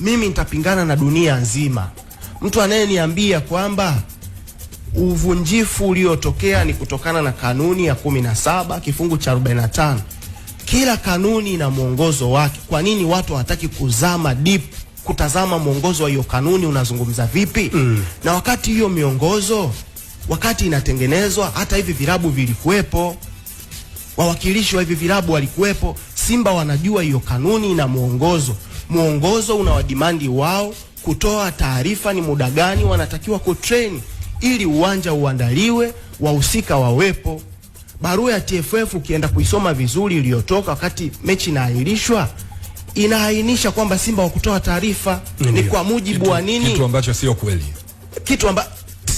mimi nitapingana na dunia nzima. Mtu anayeniambia kwamba uvunjifu uliotokea ni kutokana na kanuni ya 17 kifungu cha 45, kila kanuni na mwongozo wake. Kwa nini watu hawataki kuzama deep kutazama mwongozo wa hiyo kanuni unazungumza vipi? Mm. Na wakati hiyo miongozo wakati inatengenezwa hata hivi vilabu vilikuwepo, wawakilishi wa hivi vilabu walikuwepo. Simba wanajua hiyo kanuni na mwongozo mwongozo unawadimandi wao kutoa taarifa ni muda gani wanatakiwa kutreni ili uwanja uandaliwe, wahusika wawepo. Barua ya TFF ukienda kuisoma vizuri, iliyotoka wakati mechi inaahirishwa inaainisha kwamba Simba wakutoa taarifa ni kwa mujibu wa nini, kitu ambacho sio kweli, kitu amba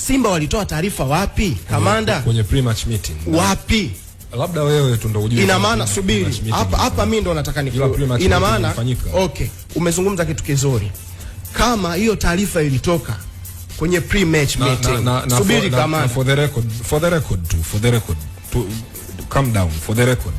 Simba walitoa taarifa wapi, kamanda? Kwenye pre-match meeting wapi? labda wewe tu ndio ujue. Ina maana subiri, hapa hapa mimi ndo nataka ni Ina maana okay, umezungumza kitu kizuri. Kama hiyo taarifa ilitoka kwenye pre match meeting, subiri kama for the record, for the record to for the record to calm down, for the record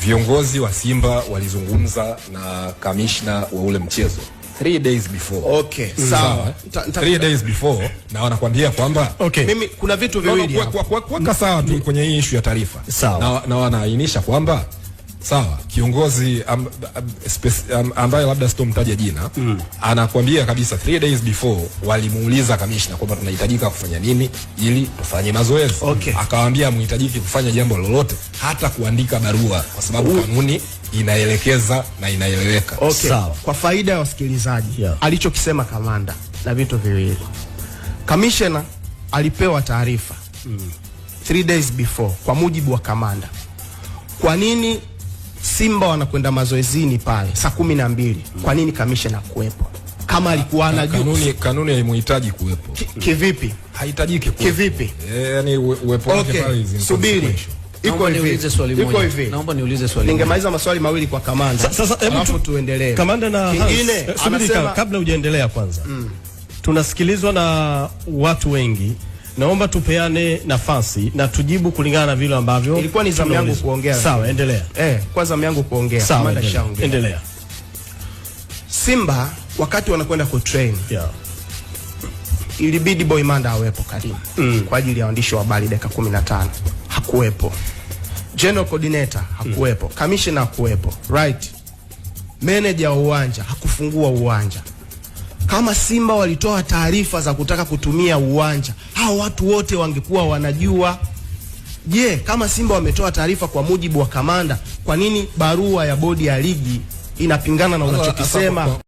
viongozi wa Simba walizungumza na kamishna wa ule mchezo three days before. Okay, mm. sawa. Three days before na wanakuambia kwamba okay, mimi kuna vitu viwili hapa kwa kwa kwa sawa tu kwenye hii issue ya taarifa, na na wanaainisha kwamba sawa, kiongozi am, am, ambaye labda mtaja jina mm. anakuambia kabisa three days before walimuuliza kamishna kwamba tunahitajika kufanya nini ili tufanye mazoezi okay. akawambia hamhitajiki kufanya jambo lolote, hata kuandika barua, kwa sababu kanuni inaelekeza na inaeleweka okay. Sawa, kwa faida ya wasikilizaji yeah. Alichokisema kamanda na vitu viwili, kamishna alipewa taarifa mm. three days before, kwa mujibu wa kamanda. Kwa nini Simba wanakwenda mazoezini pale saa kumi na mbili. mm. Kwa nini kamishna kuwepo kama alikuwa na kanuni, kanuni haimhitaji kuwepo kivipi? Haihitajiki kuwepo kivipi? Eh, yani uwepo wake pale, hizi, subiri Iko hivi. Iko hivi. Naomba niulize swali. Ningemaliza maswali mawili kwa kamanda. Sasa hebu tu, tuendelee. Kamanda na kingine eh, anasema kabla hujaendelea kwanza. Mm. Tunasikilizwa na watu wengi naomba tupeane nafasi na tujibu kulingana na vile ambavyo ilikuwa ni zamu yangu kuongea. Sawa, endelea. Eh, kwa zamu yangu kuongea. Sawa, endelea. Endelea. Simba wakati wanakwenda ku train. Yeah. Ilibidi Boy Manda awepo karibu mm. kwa ajili ya waandishi wa habari dakika 15. Hakuwepo. General coordinator hakuwepo. Mm. Commissioner hakuwepo. Right. Manager wa uwanja hakufungua uwanja. Kama Simba walitoa taarifa za kutaka kutumia uwanja, hao watu wote wangekuwa wanajua. Je, kama Simba wametoa taarifa kwa mujibu wa kamanda, kwa nini barua ya bodi ya ligi inapingana na unachokisema?